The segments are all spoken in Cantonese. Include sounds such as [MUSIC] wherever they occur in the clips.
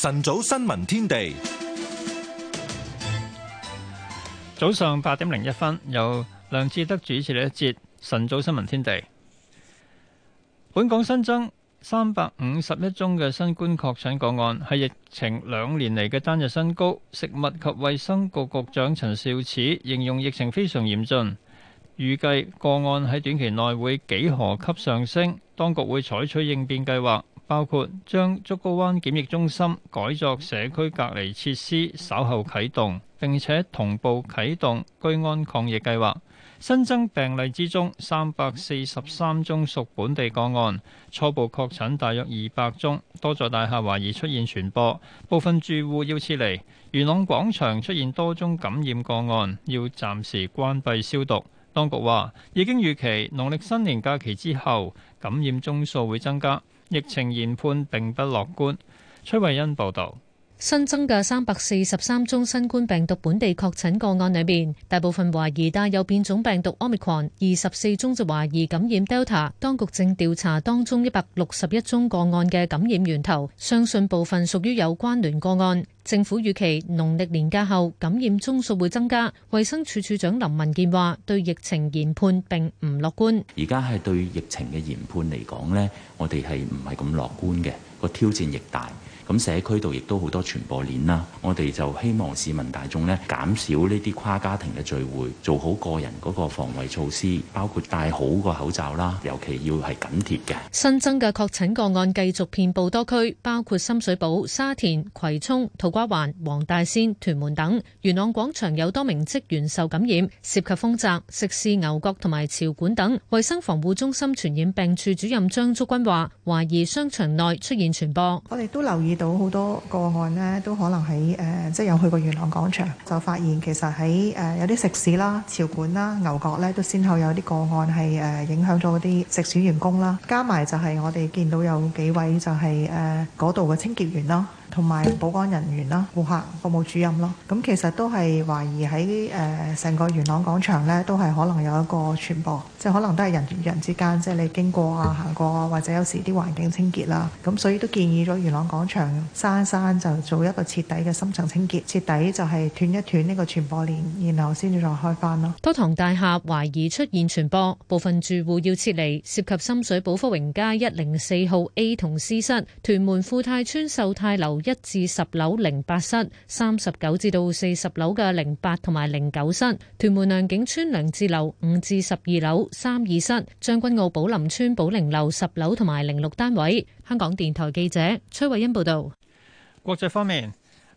晨早新聞天地，早上八點零一分，由梁志德主持呢一節晨早新聞天地。本港新增三百五十一宗嘅新冠確診個案，係疫情兩年嚟嘅單日新高。食物及衛生局局長陳肇始形容疫情非常嚴峻，預計個案喺短期內會幾何級上升，當局會採取應變計劃。包括將竹篙灣檢疫中心改作社區隔離設施，稍後啟動，並且同步啟動居安抗疫計劃。新增病例之中，三百四十三宗屬本地個案，初步確診大約二百宗，多座大廈懷疑出現傳播，部分住戶要撤離。元朗廣場出現多宗感染個案，要暫時關閉消毒。當局話已經預期，農曆新年假期之後感染宗數會增加。疫情研判並不樂觀。崔慧欣報導。新增嘅三百四十三宗新冠病毒本地確診個案裏邊，大部分懷疑帶有變種病毒 Omicron，二十四宗就懷疑感染 Delta。當局正調查當中一百六十一宗個案嘅感染源頭，相信部分屬於有關聯個案。政府預期農曆年假後感染宗數會增加。衛生署署長林文健話，對疫情研判並唔樂觀。而家係對疫情嘅研判嚟講咧，我哋係唔係咁樂觀嘅，個挑戰亦大。咁社區度亦都好多傳播鏈啦，我哋就希望市民大眾呢減少呢啲跨家庭嘅聚會，做好個人嗰個防衛措施，包括戴好個口罩啦，尤其要係緊貼嘅。新增嘅確診個案繼續遍佈多區，包括深水埗、沙田、葵涌、土瓜灣、黃大仙、屯門等。元朗廣場有多名職員受感染，涉及豐澤、食肆牛角同埋潮館等。衛生防護中心傳染病處主任張竹君話，懷疑商場內出現傳播。我哋都留意到好多個案咧，都可能喺、呃、即有去過元朗廣場，就發現其實喺、呃、有啲食肆啦、潮館啦、牛角咧，都先後有啲個案係、呃、影響咗啲食肆員工啦。加埋就係我哋見到有幾位就係誒嗰度嘅清潔員咯。呃同埋保安人員啦、顧客服務主任咯，咁其實都係懷疑喺誒成個元朗廣場咧，都係可能有一個傳播，即係可能都係人與人之間，即係你經過啊、行過啊，或者有時啲環境清潔啦，咁所以都建議咗元朗廣場山山就做一個徹底嘅深層清潔，徹底就係斷一斷呢個傳播鏈，然後先至再開翻咯。多幢大廈懷疑出現傳播，部分住戶要撤離，涉及深水埗福榮街一零四號 A 同 C 室、屯門富泰村秀泰樓。一至十樓零八室，三十九至到四十樓嘅零八同埋零九室，屯門良景村良智樓五至十二樓三二室，將軍澳寶林村寶寧樓十樓同埋零六單位。香港電台記者崔慧欣報道。國際方面，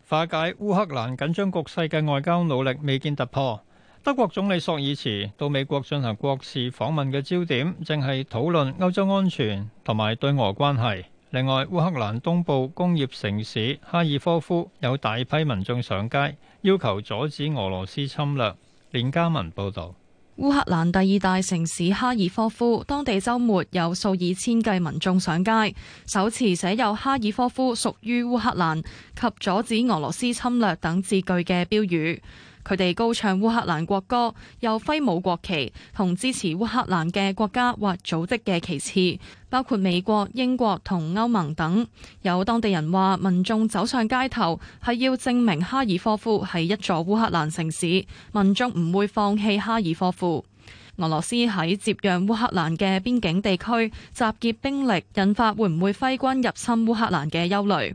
化解烏克蘭緊張局勢嘅外交努力未見突破。德國總理朔爾茨到美國進行國事訪問嘅焦點，正係討論歐洲安全同埋對俄關係。另外，烏克蘭東部工業城市哈爾科夫有大批民眾上街，要求阻止俄羅斯侵略。連嘉文報導，烏克蘭第二大城市哈爾科夫，當地週末有數以千計民眾上街，手持寫有「哈爾科夫屬於烏克蘭」及「阻止俄羅斯侵略」等字句嘅標語。佢哋高唱烏克蘭國歌，又揮舞國旗，同支持烏克蘭嘅國家或組織嘅旗幟，包括美國、英國同歐盟等。有當地人話民眾走上街頭，係要證明哈爾科夫係一座烏克蘭城市，民眾唔會放棄哈爾科夫。俄羅斯喺接壤烏克蘭嘅邊境地區集結兵力，引發會唔會揮軍入侵烏克蘭嘅憂慮。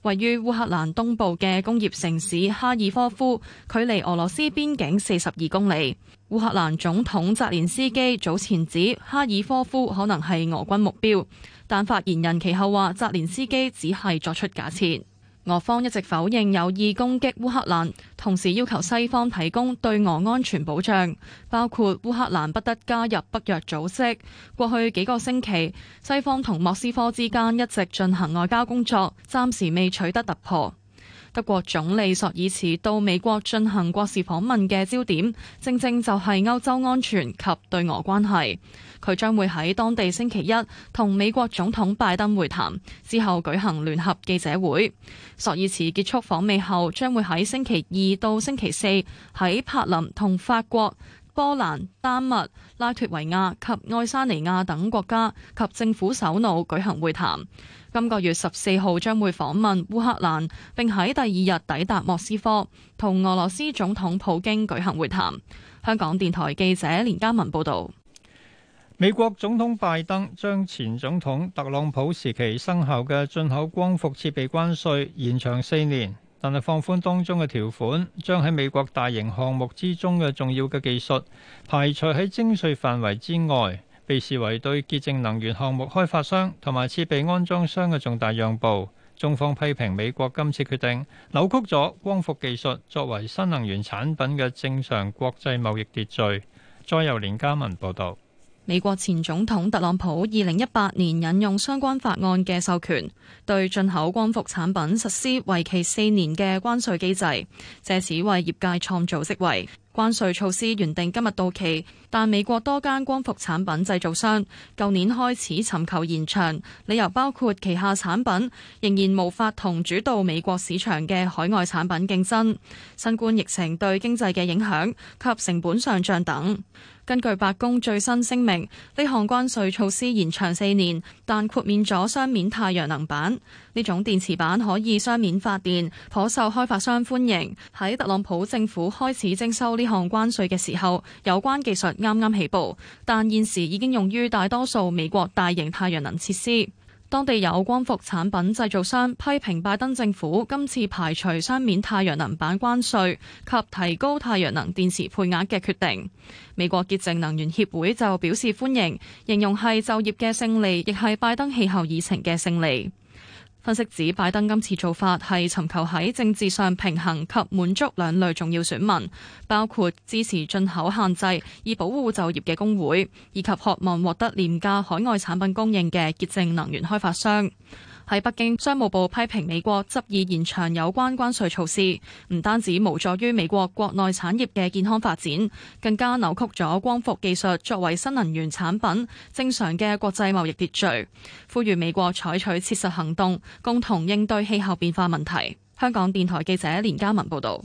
位於烏克蘭東部嘅工業城市哈爾科夫，距離俄羅斯邊境四十二公里。烏克蘭總統澤連斯基早前指哈爾科夫可能係俄軍目標，但發言人其後話澤連斯基只係作出假設。俄方一直否認有意攻擊烏克蘭，同時要求西方提供對俄安全保障，包括烏克蘭不得加入北約組織。過去幾個星期，西方同莫斯科之間一直進行外交工作，暫時未取得突破。德國總理索爾茨到美國進行國事訪問嘅焦點，正正就係歐洲安全及對俄關係。佢將會喺當地星期一同美國總統拜登會談，之後舉行聯合記者會。索爾茨結束訪美後，將會喺星期二到星期四喺柏林同法國、波蘭、丹麥、拉脱維亞及愛沙尼亞等國家及政府首腦舉行會談。今個月十四號將會訪問烏克蘭，並喺第二日抵達莫斯科，同俄羅斯總統普京舉行會談。香港電台記者連嘉文報導。美國總統拜登將前總統特朗普時期生效嘅進口光伏設備關稅延長四年，但係放寬當中嘅條款，將喺美國大型項目之中嘅重要嘅技術排除喺徵稅範圍之外，被視為對潔淨能源項目開發商同埋設備安裝商嘅重大讓步。中方批評美國今次決定扭曲咗光伏技術作為新能源產品嘅正常國際貿易秩序。再由連家文報道。美國前總統特朗普二零一八年引用相關法案嘅授權，對進口光伏產品實施為期四年嘅關稅機制，借此為業界創造職位。關稅措施原定今日到期，但美國多間光伏產品製造商舊年開始尋求延長，理由包括旗下產品仍然無法同主導美國市場嘅海外產品競爭、新冠疫情對經濟嘅影響及成本上漲等。根據白宮最新聲明，呢項關稅措施延長四年，但豁免咗雙面太陽能板。呢種電池板可以雙面發電，頗受開發商歡迎。喺特朗普政府開始徵收呢項關稅嘅時候，有關技術啱啱起步，但現時已經用於大多數美國大型太陽能設施。當地有光伏產品製造商批評拜登政府今次排除雙面太陽能板關稅及提高太陽能電池配額嘅決定。美國潔淨能源協會就表示歡迎，形容係就業嘅勝利，亦係拜登氣候議程嘅勝利。分析指拜登今次做法係尋求喺政治上平衡及滿足兩類重要選民，包括支持進口限制以保護就業嘅工會，以及渴望獲得廉價海外產品供應嘅潔淨能源開發商。喺北京，商務部批評美國執意延長有關關稅措施，唔單止無助於美國國內產業嘅健康發展，更加扭曲咗光伏技術作為新能源產品正常嘅國際貿易秩序。呼籲美國採取切實行動，共同應對氣候變化問題。香港電台記者連嘉文報道。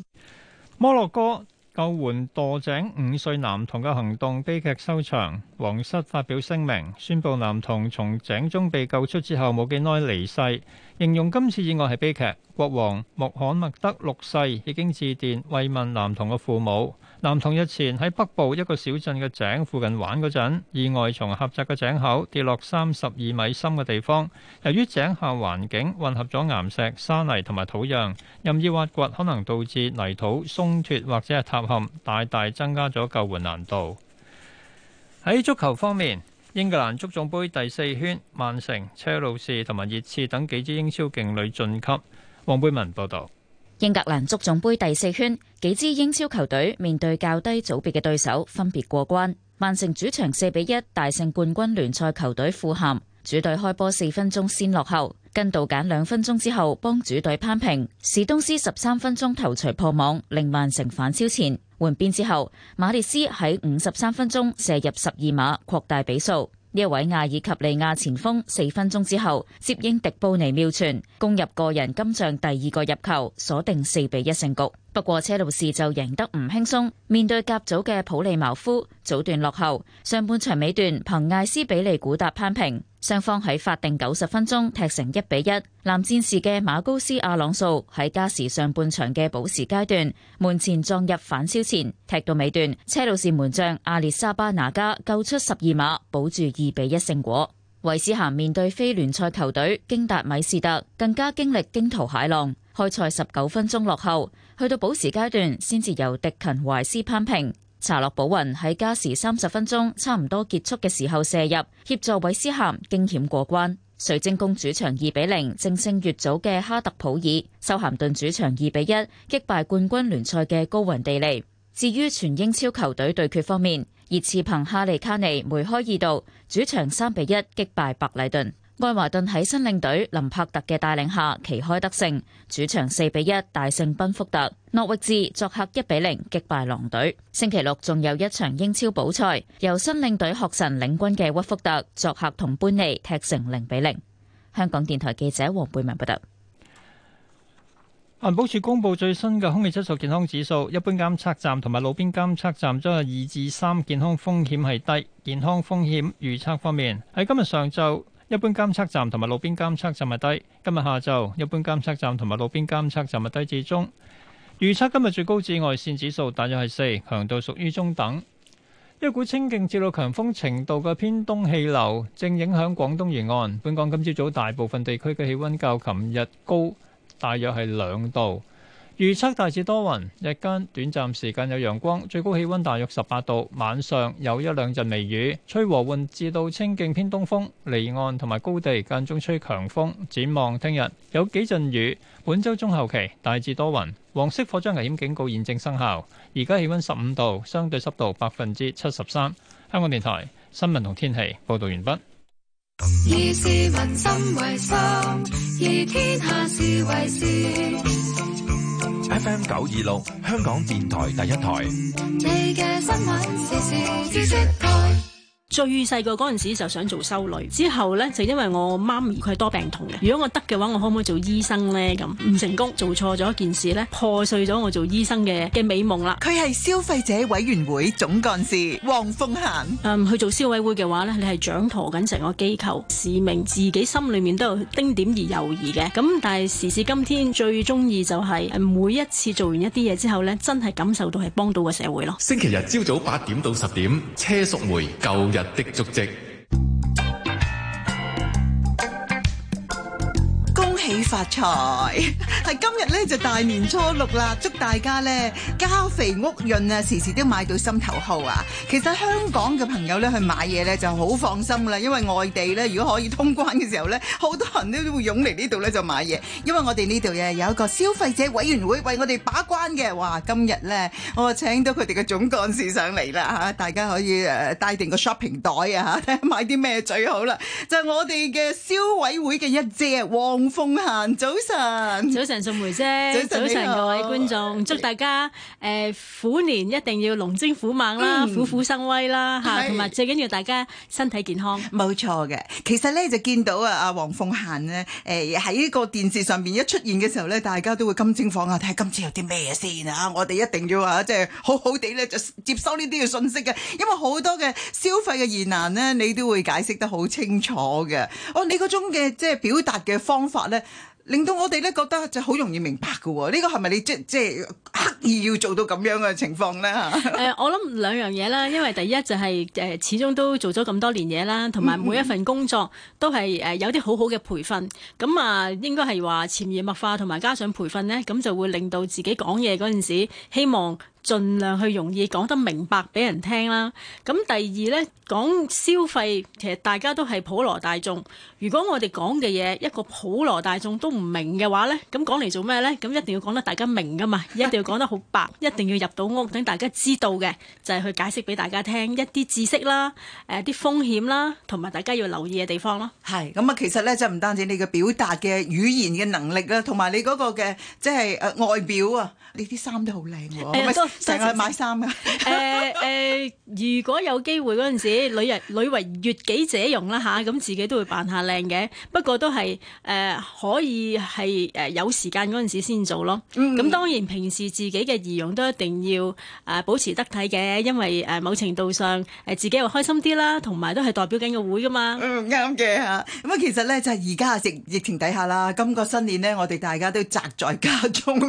摩洛哥。救援墮井五歲男童嘅行動悲劇收場，王室發表聲明宣布，男童從井中被救出之後冇幾耐離世，形容今次意外係悲劇。國王穆罕默德六世已經致電慰問男童嘅父母。男童日前喺北部一個小鎮嘅井附近玩嗰陣，意外從狹窄嘅井口跌落三十二米深嘅地方。由於井下環境混合咗岩石、沙泥同埋土壤，任意挖掘可能導致泥土鬆脱或者係塌陷，大大增加咗救援難度。喺足球方面，英格蘭足總杯第四圈，曼城、車路士同埋熱刺等幾支英超勁旅晉級。黃貝文報道。英格蘭足總杯第四圈，幾支英超球隊面對較低組別嘅對手，分別過關。曼城主場四比一大勝冠軍聯賽球隊富咸，主隊開波四分鐘先落後，跟到減兩分鐘之後幫主隊攀平。史東斯十三分鐘頭槌破網，令曼城反超前。換邊之後，馬列斯喺五十三分鐘射入十二碼擴大比數。呢一位阿爾及利亞前鋒四分鐘之後接應迪布尼妙傳，攻入個人今仗第二個入球，鎖定四比一勝局。不過車路士就贏得唔輕鬆，面對甲組嘅普利茅夫，早段落後，上半場尾段憑艾斯比利古達攀平。雙方喺法定九十分鐘踢成一比一，藍戰士嘅馬高斯阿朗素喺加時上半場嘅補時階段門前撞入反超前，踢到尾段車路士門將阿列沙巴拿加救出十二碼，保住二比一勝果。韋斯咸面對非聯賽球隊京達米士特，更加經歷驚濤駭浪，開賽十九分鐘落後，去到補時階段先至由迪勤懷斯扳平。查洛保雲喺加時三十分鐘差唔多結束嘅時候射入，協助韋斯咸驚險過關。水晶宮主場二比零正勝越早嘅哈特普爾，修咸頓主場二比一擊敗冠軍聯賽嘅高雲地利。至於全英超球隊對決方面，熱刺憑哈利卡尼梅開二度，主場三比一擊敗白禮頓。愛華頓喺新領隊林柏特嘅帶領下旗開得勝，主場四比一大勝賓福特；諾域治作客一比零擊敗狼隊。星期六仲有一場英超補賽，由新領隊學神領軍嘅屈福特作客同班尼踢成零比零。香港電台記者黃貝文報道。環保署公布最新嘅空氣質素健康指數，一般監測站同埋路邊監測站將係二至三，健康風險係低。健康風險預測方面喺今日上晝。一般監測站同埋路邊監測站係低，今日下晝一般監測站同埋路邊監測站係低至中。預測今日最高紫外線指數大約係四，強度屬於中等。一股清勁至到強風程度嘅偏東氣流正影響廣東沿岸，本港今朝早，早大部分地區嘅氣温較琴日高，大約係兩度。預測大致多雲，日間短暫時間有陽光，最高氣溫大約十八度，晚上有一兩陣微雨，吹和緩至到清勁偏東風，離岸同埋高地間中吹強風。展望聽日有幾陣雨，本周中後期大致多雲。黃色火災危險警告現正生效，而家氣溫十五度，相對濕度百分之七十三。香港電台新聞同天氣報道完畢。以 FM 九二六，26，香港電台第一台。最細個嗰陣時就想做修女，之後呢，就因為我媽咪佢係多病痛嘅，如果我得嘅話，我可唔可以做醫生呢？咁唔成功，做錯咗一件事呢，破碎咗我做醫生嘅嘅美夢啦。佢係消費者委員會總幹事黃鳳嫻。嗯，去做消委會嘅話呢，你係掌舵緊成個機構，市民自己心裏面都有丁點而猶豫嘅。咁但係時至今天，最中意就係每一次做完一啲嘢之後呢，真係感受到係幫到個社會咯。星期日朝早八點到十點，車淑梅舊日的足跡。喜發財，係今日咧就大年初六啦！祝大家咧家肥屋潤啊，時時都買到心頭好啊！其實香港嘅朋友咧去買嘢咧就好放心啦，因為外地咧如果可以通關嘅時候咧，好多人都會湧嚟呢度咧就買嘢，因為我哋呢度咧有一個消費者委員會為我哋把關嘅。哇！今日咧我請到佢哋嘅總幹事上嚟啦吓，大家可以誒帶定個 shopping 袋啊吓，睇下買啲咩最好啦。就係我哋嘅消委會嘅一姐黃鳳。早晨，早晨，宋梅姐，早晨，早晨好各位觀眾，祝大家誒虎年一定要龍精虎猛啦，虎虎、嗯、生威啦，吓是，同埋最緊要大家身體健康。冇錯嘅，其實咧就見到啊，阿黃鳳嫻咧，誒喺個電視上邊一出現嘅時候咧，大家都會金睛放啊睇，今次有啲咩先啊？我哋一定要啊，即係好好哋咧就接收呢啲嘅信息嘅，因為好多嘅消費嘅疑難咧，你都會解釋得好清楚嘅。哦，你嗰種嘅即係表達嘅方法咧。令到我哋咧覺得就好容易明白㗎喎，呢個係咪你即即刻意要做到咁樣嘅情況咧？誒、 [LAUGHS] 呃，我諗兩樣嘢啦，因為第一就係、是、誒、呃，始終都做咗咁多年嘢啦，同埋每一份工作都係誒、呃、有啲好好嘅培訓，咁啊、呃、應該係話潛移默化同埋加上培訓咧，咁就會令到自己講嘢嗰陣時希望。盡量去容易講得明白俾人聽啦。咁第二呢，講消費，其實大家都係普羅大眾。如果我哋講嘅嘢一個普羅大眾都唔明嘅話呢，咁講嚟做咩呢？咁一定要講得大家明㗎嘛，一定要講得好白， [LAUGHS] 一定要入到屋，等大家知道嘅就係去解釋俾大家聽一啲知識啦，誒啲風險啦，同埋大家要留意嘅地方咯。係咁啊，其實呢，就唔單止你嘅表達嘅語言嘅能力啦，同埋你嗰個嘅即係外表啊，你啲衫都好靚成日買衫嘅、 [LAUGHS] 呃，誒、呃、誒，如果有機會嗰陣時，女人女為悅己者容啦嚇，咁、啊、自己都會扮下靚嘅，不過都係誒、呃、可以係誒有時間嗰陣時先做咯。咁、嗯、當然平時自己嘅儀容都一定要誒保持得體嘅，因為誒某程度上誒自己又開心啲啦，同埋都係代表緊個會㗎嘛。嗯，啱嘅嚇。咁啊，其實咧就係而家疫疫情底下啦，今個新年呢，我哋大家都宅在家中。